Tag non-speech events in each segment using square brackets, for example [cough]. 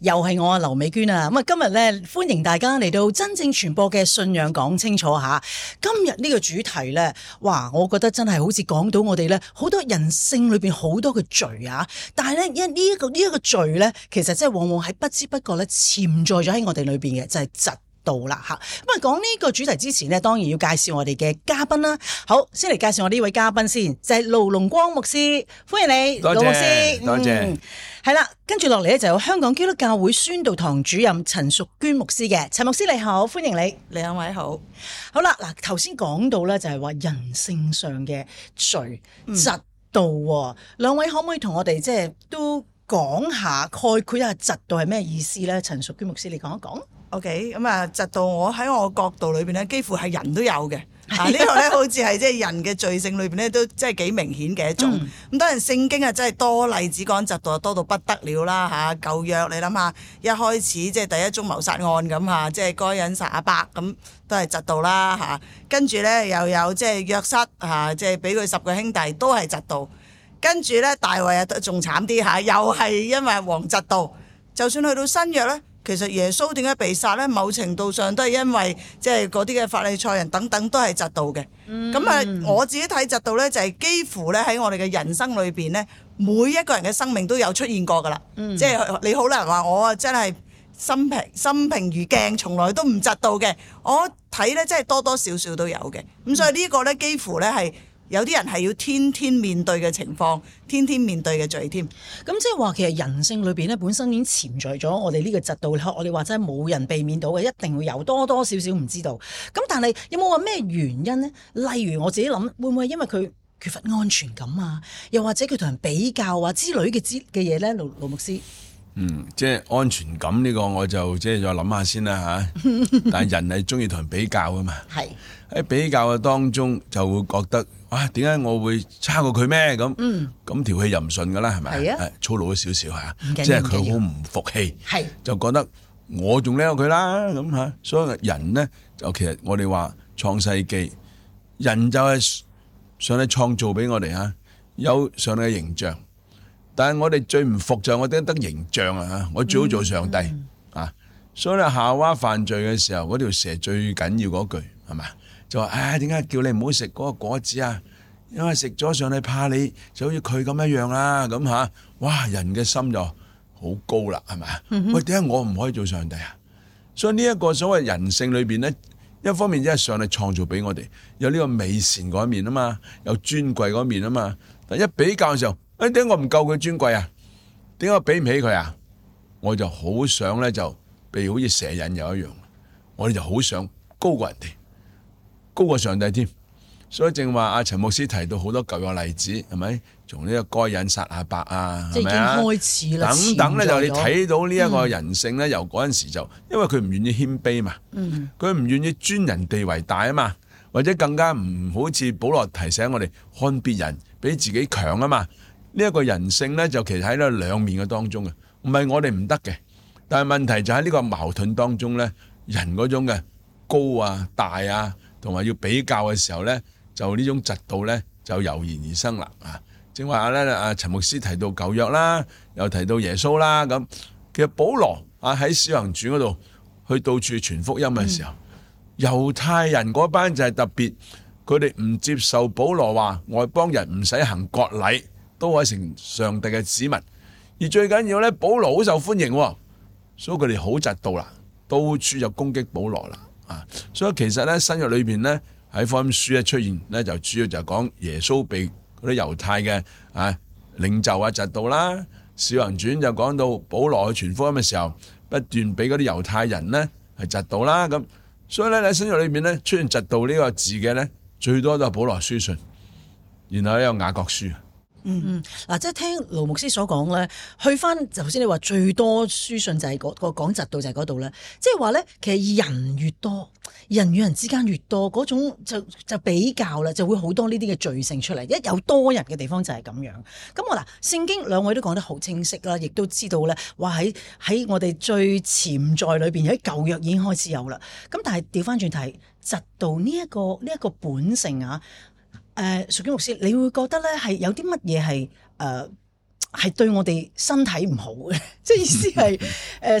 又係我啊，劉美娟啊，咁啊，今日咧，歡迎大家嚟到真証傳播嘅信仰，講清楚下。今日呢個主題咧，哇，我覺得真係好似講到我哋咧，好多人性裏邊好多嘅罪啊！但係咧，一呢一個呢一個罪咧，其實真係往往喺不知不覺咧，潛在咗喺我哋裏邊嘅，就係、是、嫉。到啦吓，咁啊，講呢個主題之前咧，當然要介紹我哋嘅嘉賓啦。好，先嚟介紹我呢位嘉賓先，就係盧龍光牧師，歡迎你，盧牧師，多謝，盧牧師，多謝。係啦、嗯，跟住落嚟咧就有香港基督教會宣道堂主任陳淑娟牧師嘅，陳牧師你好，歡迎你，你兩位好。好啦，嗱頭先講到咧就係話人性上嘅罪、嫉妒、嗯，兩位可唔可以同我哋即係都講下概括一下嫉妒係咩意思咧？陳淑娟牧師，你講一講。O K，咁啊，窒、okay. 到我喺我角度裏邊咧，幾乎係人都有嘅。 [laughs] 啊，呢、這個咧好似係即係人嘅罪性裏邊咧，都即係幾明顯嘅一種。咁、嗯、當然聖經啊，真係多例子講嫉妒啊，多到不得了啦吓。舊、啊、約你諗下，一開始即係第一宗謀殺案咁吓，即係該隱殺阿伯咁、啊，都係嫉妒啦吓。跟住咧又有即係約瑟吓，即係俾佢十個兄弟都係嫉妒。跟住咧大衛啊，仲慘啲吓，又係因為王嫉妒。就算去到新約咧。其實耶穌點解被殺咧？某程度上都係因為即係嗰啲嘅法利賽人等等都係窒到嘅。咁啊、mm，hmm. 我自己睇窒到咧，就係幾乎咧喺我哋嘅人生裏邊咧，每一個人嘅生命都有出現過噶啦。Mm hmm. 即係你好難話我啊，真係心平心平如鏡，從來都唔窒到嘅。我睇咧，真係多多少少都有嘅。咁、mm hmm. 所以呢個咧，幾乎咧係。有啲人係要天天面對嘅情況，天天面對嘅罪添。咁、嗯、即係話，其實人性裏邊咧，本身已經潛在咗我哋呢個嫉妒咧。我哋話真係冇人避免到嘅，一定會有多多少少唔知道。咁但係有冇話咩原因呢？例如我自己諗，會唔會因為佢缺乏安全感啊？又或者佢同人比較啊之類嘅之嘅嘢呢？盧牧師，嗯，即係安全感呢個，我就即係再諗下先啦嚇。但係人係中意同人比較噶嘛？係喺比較嘅當中就會覺得。點解、啊、我會差過佢咩？咁咁條氣又唔順噶啦，係咪、嗯？啊、粗魯咗少少吓，即係佢好唔服氣，就覺得我仲叻過佢啦咁吓。所以人咧，就其實我哋話創世紀，人就係上帝創造俾我哋啊，有上帝嘅形象，但係我哋最唔服就我哋得形象啊！我最好做上帝、嗯嗯、啊！所以你夏娃犯罪嘅時候，嗰條蛇最緊要嗰句係咪？就話唉，點、哎、解叫你唔好食嗰個果子啊？因為食咗上帝怕你，就好似佢咁一樣啦、啊，咁吓、啊，哇！人嘅心就好高啦，係咪？喂、嗯哼，點解、哎、我唔可以做上帝啊？所以呢一個所謂人性裏邊咧，一方面即係上帝創造俾我哋，有呢個美善嗰一面啊嘛，有尊貴嗰一面啊嘛。但一比較嘅時候，哎，點解我唔夠佢尊貴啊？點解我比唔起佢啊？我就好想咧，就譬如好似蛇人又一樣，我哋就好想高過人哋。高過上帝添，所以正話阿陳牧師提到好多舊嘅例子，係咪？從呢個該隱殺亞伯啊，開始啊？等等咧，就你睇到呢一個人性咧，由嗰陣時就，因為佢唔願意謙卑嘛，佢唔願意尊人地為大啊嘛，或者更加唔好似保羅提醒我哋看別人比自己強啊嘛。呢一個人性咧，就其實喺呢兩面嘅當中嘅，唔係我哋唔得嘅，但係問題就喺呢個矛盾當中咧，人嗰種嘅高啊、大啊。同埋要比較嘅時候呢，就呢種嫉妒呢，就油然而生啦。啊，正話咧，阿陳牧師提到舊約啦，又提到耶穌啦，咁、啊、其實保羅啊喺使行傳嗰度去到處傳福音嘅時候，猶、嗯、太人嗰班就係特別，佢哋唔接受保羅話外邦人唔使行割禮都可以成上帝嘅子民，而最緊要呢，保羅好受歡迎，所以佢哋好嫉妒啦，到處就攻擊保羅啦。啊，所以其實咧新約裏邊咧喺福音書咧出現咧就主要就講耶穌被啲猶太嘅啊領袖啊嫉妒啦，使行傳就講到保羅去傳福音嘅時候不斷俾啲猶太人咧係嫉妒啦，咁所以咧喺新約裏邊咧出現嫉妒呢個字嘅咧最多都係保羅書信，然後有雅各書。嗯嗯，嗱，即係聽盧牧師所講咧，去翻頭先你話最多書信就係嗰個講嫉妒就係嗰度咧，即係話咧其實人越多，人與人之間越多嗰種就就比較啦，就會好多呢啲嘅罪性出嚟，一有多人嘅地方就係咁樣。咁我嗱聖經兩位都講得好清晰啦，亦都知道咧話喺喺我哋最潛在裏邊有啲舊約已經開始有啦。咁但係調翻轉頭，嫉妒呢一個呢一個本性啊！誒，淑娟、呃、牧師，你會覺得咧係有啲乜嘢係誒係對我哋身體唔好嘅即 [laughs] 係意思係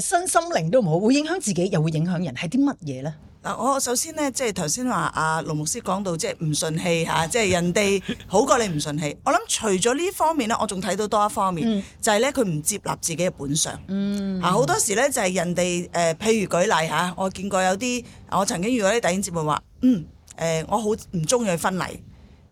誒身心靈都唔好，會影響自己又會影響人，係啲乜嘢咧？嗱、呃，我首先咧即係頭先話阿龍牧師講到，即係唔順氣嚇，即、就、係、是、人哋好過你唔順氣。 [laughs] 我諗除咗呢方面咧，我仲睇到多一方面，嗯、就係咧佢唔接納自己嘅本相。嗯，啊好多時咧就係人哋誒、呃，譬如舉例嚇，我見過有啲我曾經遇到啲弟兄姊妹話，嗯誒、呃呃，我好唔中意婚禮。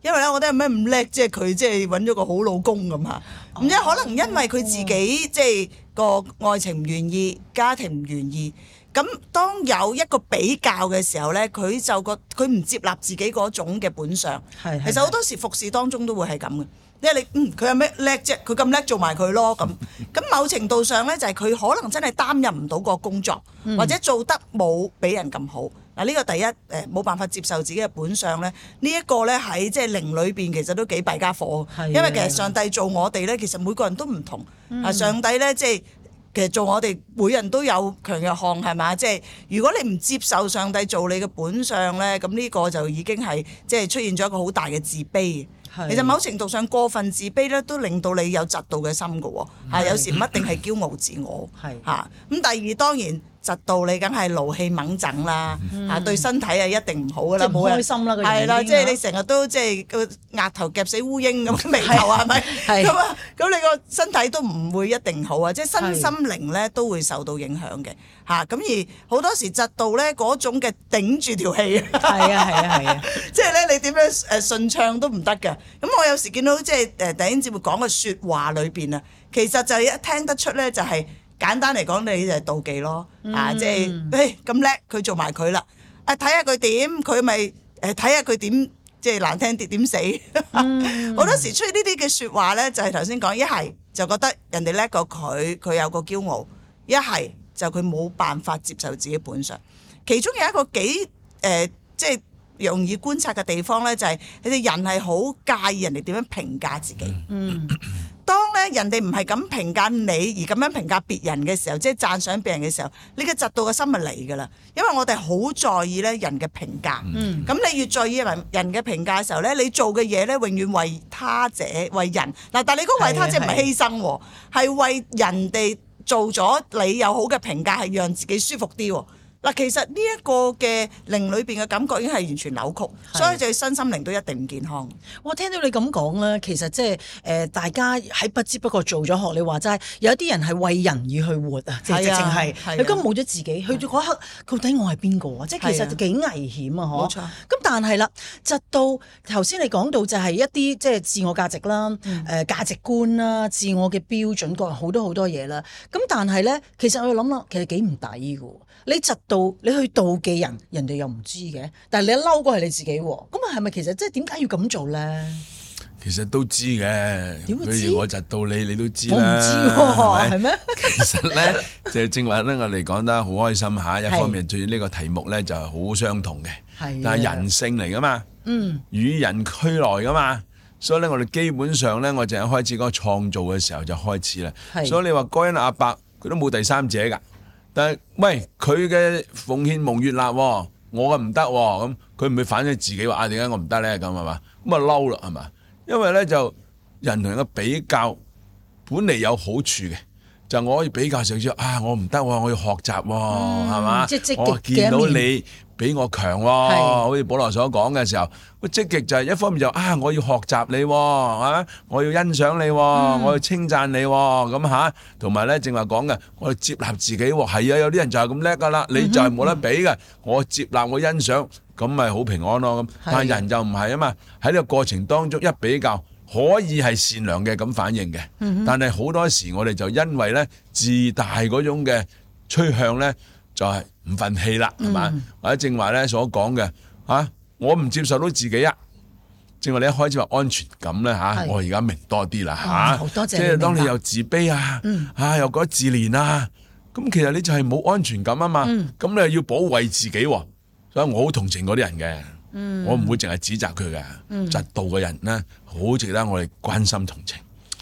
因為咧，我覺得有咩唔叻，即係佢即係揾咗個好老公咁吓。唔知可能因為佢自己即係個愛情唔願意，家庭唔願意。咁當有一個比較嘅時候咧，佢就覺佢唔接納自己嗰種嘅本相。係。其實好多時服侍當中都會係咁嘅，即係你嗯佢有咩叻啫？佢咁叻做埋佢咯咁。咁某程度上咧，就係佢可能真係擔任唔到個工作，或者做得冇俾人咁好。嗱，呢個第一，誒冇辦法接受自己嘅本相咧，呢、這、一個咧喺即係靈裏邊其實都幾弊家伙，的因為其實上帝做我哋咧，的其實每個人都唔同。啊、嗯，上帝咧即係其實做我哋每人都有強弱項係咪？即係如果你唔接受上帝做你嘅本相咧，咁、這、呢個就已經係即係出現咗一個好大嘅自卑。的其實某程度上過分自卑咧，都令到你有嫉妒嘅心㗎喎。有時唔一定係驕傲自我。係嚇咁，第二當然。窒到你梗係勞氣猛整啦，嚇對身體啊一定唔好噶啦，即係冇開心係啦，即係你成日都即係個額頭夾死烏蠅咁眉頭啊，係咪？咁啊，咁你個身體都唔會一定好啊，即係身心靈咧都會受到影響嘅嚇。咁而好多時窒到咧嗰種嘅頂住條氣，係啊係啊係啊，即係咧你點樣誒順暢都唔得嘅。咁我有時見到即係誒第二節會講嘅説話裏邊啊，其實就係一聽得出咧就係。簡單嚟講，你就係妒忌咯，嗯、啊，即係咁叻，佢、哎、做埋佢啦，啊睇下佢點，佢咪誒睇下佢點，即係、呃就是、難聽啲點死，好、 [laughs] 嗯、多時出現呢啲嘅説話咧，就係頭先講一係就覺得人哋叻過佢，佢有個驕傲；一係就佢冇辦法接受自己本性。其中有一個幾誒，即、呃、係、就是、容易觀察嘅地方咧，就係你哋人係好介意人哋點樣評價自己。嗯。嗯。當咧人哋唔係咁評價你，而咁樣評價別人嘅時候，即係讚賞別人嘅時候，你嘅嫉妒嘅心咪嚟噶啦。因為我哋好在意咧人嘅評價，咁、嗯嗯、你越在意人人嘅評價嘅時候咧，你做嘅嘢咧永遠為他者為人嗱，但係你嗰個為他者唔係犧牲喎，係是為人哋做咗你有好嘅評價，係讓自己舒服啲喎。嗱，其實呢一個嘅靈裏邊嘅感覺已經係完全扭曲，的所以就身心靈都一定唔健康。我聽到你咁講咧，其實即係誒大家喺不知不覺做咗學你話齋，有啲人係為人而去活啊，的即係直情係佢今冇咗自己，去到嗰刻到底我係邊個啊？即係其實幾危險啊！嗬。冇錯。咁但係啦，直到頭先你講到就係一啲即係自我價值啦、誒、嗯呃、價值觀啦、自我嘅標準各好多好多嘢啦。咁但係咧，其實我諗啦，其實幾唔抵噶。你直你去妒忌人，人哋又唔知嘅。但係你一嬲過係你自己，咁啊，係咪其實即係點解要咁做咧？其實都知嘅，譬如我就到你，你都知唔啦，係咩？吧嗎 [laughs] 其實咧，就正話咧，我哋講得好開心吓。 [laughs] 一方面，對呢個題目咧就係好相同嘅，的但係人性嚟噶嘛，嗯，與人俱來噶嘛，所以咧，我哋基本上咧，我淨係開始嗰個創造嘅時候就開始啦。的所以你話該隱亞伯佢都冇第三者噶。但係，喂，佢嘅奉獻蒙悅納，我嘅唔得喎，咁佢唔會反省自己話，啊，點解我唔得咧？咁係嘛，咁啊嬲啦係嘛，因為咧就人同人嘅比較本嚟有好處嘅，就我可以比較上咗啊，我唔得喎，我要學習喎係嘛，嗯、即即我見到你。比我強喎、哦，好似是保羅所講嘅時候，積極就係一方面就啊，我要學習你、哦，啊，我要欣賞你、哦，嗯、我要稱讚你、哦，咁、啊、吓，同埋咧正話講嘅，我要接納自己、哦，係啊，有啲人就係咁叻噶啦，你就係冇得比嘅，嗯、哼我接納我欣賞，咁咪好平安咯咁。是但係人就唔係啊嘛，喺呢個過程當中一比較，可以係善良嘅咁反應嘅，嗯、哼但係好多時我哋就因為咧自大嗰種嘅趨向咧。就係唔忿氣啦，係嘛、嗯？或者正話咧所講嘅，啊，我唔接受到自己啊。正話你一開始話安全感咧，吓是，我而家明多啲啦，吓、嗯。多謝。啊、即係當你又自卑啊，嗯、啊，又覺得自憐啊，咁、啊、其實你就係冇安全感啊嘛。咁、嗯、你又要保衛自己、啊，所以我好同情嗰啲人嘅。嗯、我唔會淨係指責佢嘅，嫉妒嘅人咧，好值得我哋關心同情。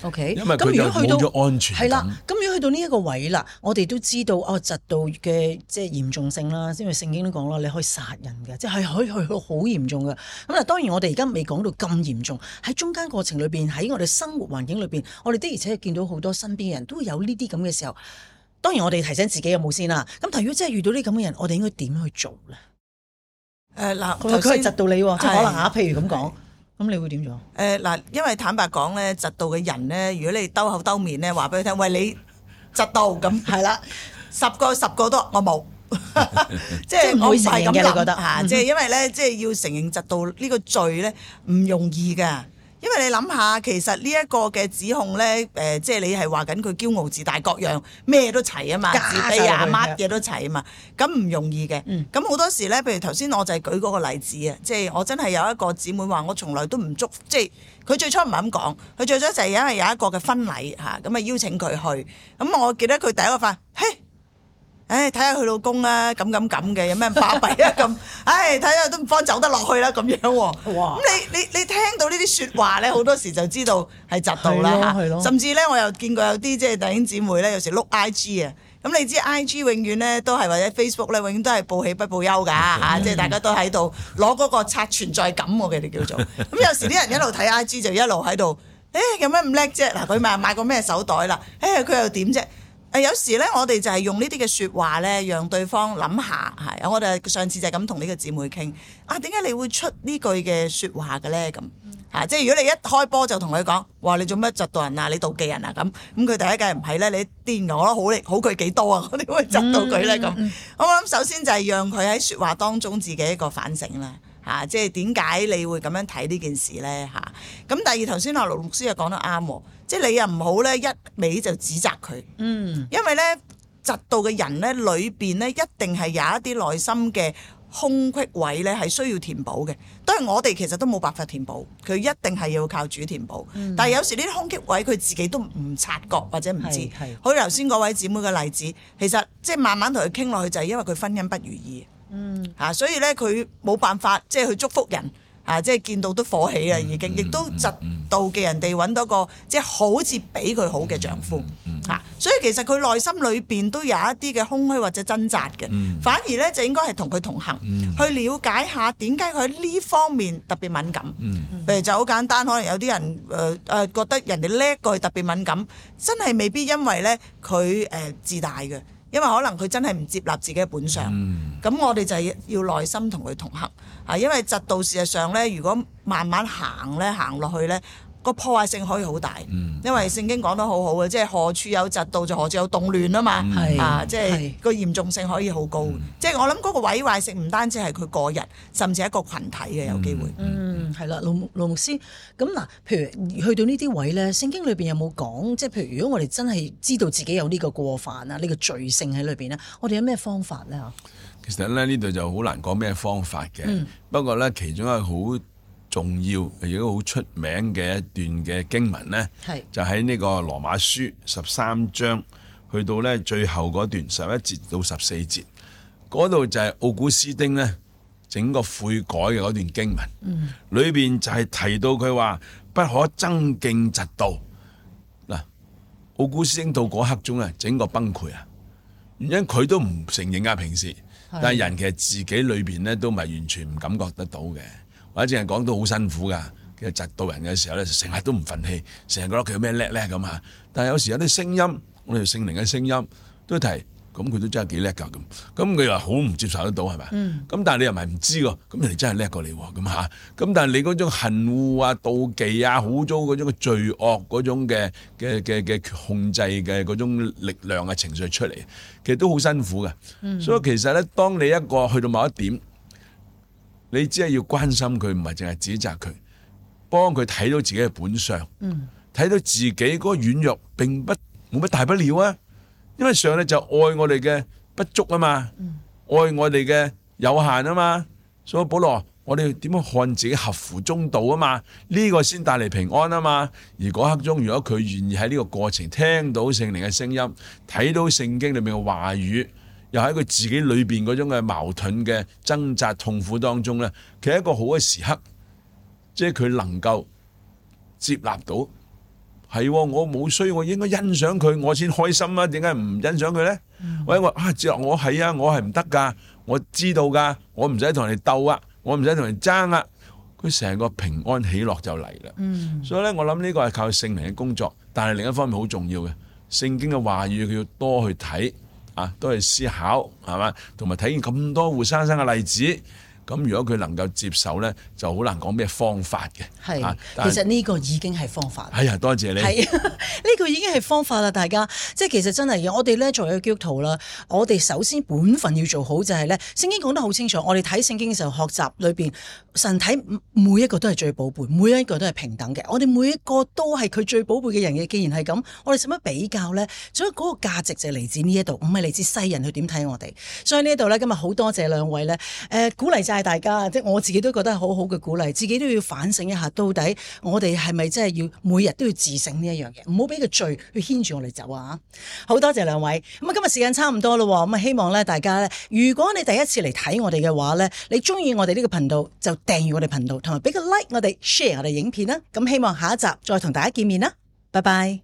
O K，咁如果去到係啦，咁如果去到呢一個位啦，我哋都知道哦，窒到嘅即係嚴重性啦，因為聖經都講啦，你可以殺人嘅，即係可以去到好嚴重嘅。咁嗱，當然我哋而家未講到咁嚴重，喺中間過程裏邊，喺我哋生活環境裏邊，我哋的而且見到好多身邊嘅人都會有呢啲咁嘅時候。當然我哋提醒自己有冇先啦。咁，但如果真係遇到呢咁嘅人，我哋應該點去做咧？誒嗱、呃，佢窒到你喎，的即係可能啊，譬如咁講。咁你會點做？誒嗱、呃，因為坦白講咧，嫉妒嘅人咧，如果你兜口兜面咧，話俾佢聽，喂，你嫉妒咁，係啦， [laughs] 十個十個我 [laughs] 是都我冇，即係我唔係咁諗，即係因為咧，即係要承認嫉妒呢個罪咧，唔容易㗎。因為你諗下，其實呢一個嘅指控咧，誒、呃，即係你係話緊佢驕傲自大各樣咩都齊啊嘛，自卑啊，乜嘢都齊啊嘛，咁唔容易嘅。嗯、咁好多時咧，譬如頭先我就係舉嗰個例子啊，即係我真係有一個姊妹話，我從來都唔祝，即係佢最初唔係咁講，佢最初就係因為有一個嘅婚禮嚇，咁啊邀請佢去，咁我記得佢第一個發，嘿。誒睇下佢老公啦、啊，咁咁咁嘅，有咩巴閉啊咁？唉，睇下都唔方走得落去啦咁樣喎、啊。咁哇、嗯、你你你聽到呢啲説話咧，好多時就知道係嫉妒啦嚇。甚至咧，我又見過有啲即係弟兄姊妹咧，有時碌 I G 啊。咁你知 I G 永遠咧都係或者 Facebook 咧永遠都係報喜不報憂㗎嚇，的即係大家都喺度攞嗰個刷存在感我哋叫做。咁 [laughs] 有時啲人一路睇 I G 就一路喺度，誒有咩唔叻啫？嗱佢咪買個咩手袋啦？誒佢又點啫？有時咧，我哋就係用呢啲嘅説話咧，讓對方諗下，係我哋上次就係咁同呢個姊妹傾啊，點解你會出呢句嘅説話嘅咧？咁嚇，即係如果你一開波就同佢講，話你做咩窒到人啊？你妒忌人啊？咁咁佢第一嘅唔係咧，你啲我覺好你好佢幾多啊？我哋會窒到佢咧、嗯？咁、嗯、我諗首先就係讓佢喺説話當中自己一個反省啦嚇，即係點解你會咁樣睇呢件事咧嚇？咁第二頭先阿盧老師又講得啱喎。即係你又唔好咧，一味就指責佢。嗯。因為咧，窒到嘅 am 人咧，裏邊咧一定係有一啲內心嘅空隙位咧，係需要填補嘅。都係我哋其實都冇辦法填補，佢一定係要靠主填補。嗯。但係有時呢啲空隙位，佢自己都唔察覺或者唔知。係、嗯。好，頭先嗰位姐妹嘅例子，其實即係慢慢同佢傾落去，就係、係、因為佢婚姻不如意。嗯。嚇、啊！所以咧，佢冇辦法即係去祝福人。啊！啊啊即係見到都火起啊，已經。亦都窒。妒忌人哋揾到個即係、就是、好似比佢好嘅丈夫嚇、mm hmm. 啊，所以其實佢內心裏邊都有一啲嘅空虛或者掙扎嘅。Mm hmm. 反而咧就應該係同佢同行，mm hmm. 去了解下點解佢喺呢方面特別敏感。譬、mm hmm. 如就好簡單，可能有啲人誒誒覺得人哋叻過佢特別敏感，真係未必因為咧佢誒自大嘅，因為可能佢真係唔接納自己嘅本相。咁，mm hmm. 我哋就係要耐心同佢同行啊，因為直道事實上咧，如果慢慢行咧，行落去咧。個破壞性可以好大，嗯、因為聖經講得好好嘅，即係何處有嫉妒就何處有動亂啊嘛，嗯、啊，是即係個嚴重性可以好高，嗯、即係我諗嗰個毀壞性唔單止係佢個人，甚至係一個群體嘅有機會。嗯，係啦，盧盧牧師，咁嗱，譬如去到呢啲位咧，聖經裏邊有冇講？即係譬如，如果我哋真係知道自己有呢個過犯啊、呢、呢個罪性喺裏邊咧，我哋有咩方法咧？其實咧呢度就好難講咩方法嘅，嗯、不過咧其中係好重要亦都好出名嘅一段嘅經文咧，是就喺呢個羅馬書十三章去到咧最後嗰段十一節到十四節，嗰度就係奧古斯丁咧整個悔改嘅嗰段經文。嗯、裏邊就係提到佢話不可爭競嫉妒嗱，奧古斯丁到嗰刻中啊整個崩潰啊，原因佢都唔承認啊平時，是但係人其實自己裏邊咧都唔係完全唔感覺得到嘅。或者係講到好辛苦噶，其實窒到人嘅時候咧，成日都唔忿氣，成日覺得佢有咩叻咧咁啊！但係有時有啲聲音，我哋聖靈嘅聲音都提，咁佢都真係幾叻㗎咁。咁佢又話好唔接受得到係咪？咁但係你又唔係唔知喎？咁人哋真係叻過你喎咁嚇。咁但係你嗰種恨惡啊、妒忌啊、好咗嗰種罪惡嗰種嘅嘅嘅嘅控制嘅嗰種力量啊，情緒出嚟，其實都好辛苦嘅。所以其實咧，當你一個去到某一點。你只係要關心佢，唔係淨係指責佢，幫佢睇到自己嘅本相，睇、嗯、到自己嗰個軟弱，並不冇乜大不了啊！因為上帝就愛我哋嘅不足啊嘛，嗯、愛我哋嘅有限啊嘛，所以保羅，我哋點樣看自己合乎中道啊嘛？呢、這個先帶嚟平安啊嘛！而嗰刻中，如果佢願意喺呢個過程聽到聖靈嘅聲音，睇到聖經裏面嘅話語。又喺佢自己裏邊嗰種嘅矛盾嘅掙扎痛苦當中咧，其實一個好嘅時刻，即係佢能夠接納到，係、哦、我冇衰，我應該欣賞佢，我先開心啊！點解唔欣賞佢咧？或者話啊，我係啊，我係唔得噶，我知道噶，我唔使同人哋鬥啊，我唔使同人爭啊，佢成個平安喜樂就嚟啦。嗯、所以咧，我諗呢個係靠聖靈嘅工作，但係另一方面好重要嘅，聖經嘅話語佢要多去睇。啊，都係思考，係嘛？同埋睇見咁多活生生嘅例子。咁如果佢能夠接受咧，就好難講咩方法嘅。係，其實呢個已經係方法。係啊，多謝你。係，呢個已經係方法啦，大家。即係其實真係我哋咧作為基督徒啦，我哋首先本分要做好就係咧，聖經講得好清楚，我哋睇聖經嘅時候學習裏邊，神睇每一個都係最寶貝，每一個都係平等嘅。我哋每一個都係佢最寶貝嘅人嘅。既然係咁，我哋使乜比較咧？所以嗰個價值就係嚟自呢一度，唔係嚟自世人去點睇我哋。所以呢度咧，今日好多謝兩位咧，誒鼓勵。大家，即係我自己都覺得好好嘅鼓勵，自己都要反省一下，到底我哋係咪真係要每日都要自省呢一樣嘢？唔好俾個罪去牽住我哋走啊！好多謝兩位咁啊，今日時間差唔多咯，咁啊，希望咧大家咧，如果你第一次嚟睇我哋嘅話咧，你中意我哋呢個頻道就訂閱我哋頻道，同埋俾個 like 我哋 share 我哋影片啦。咁希望下一集再同大家見面啦，拜拜。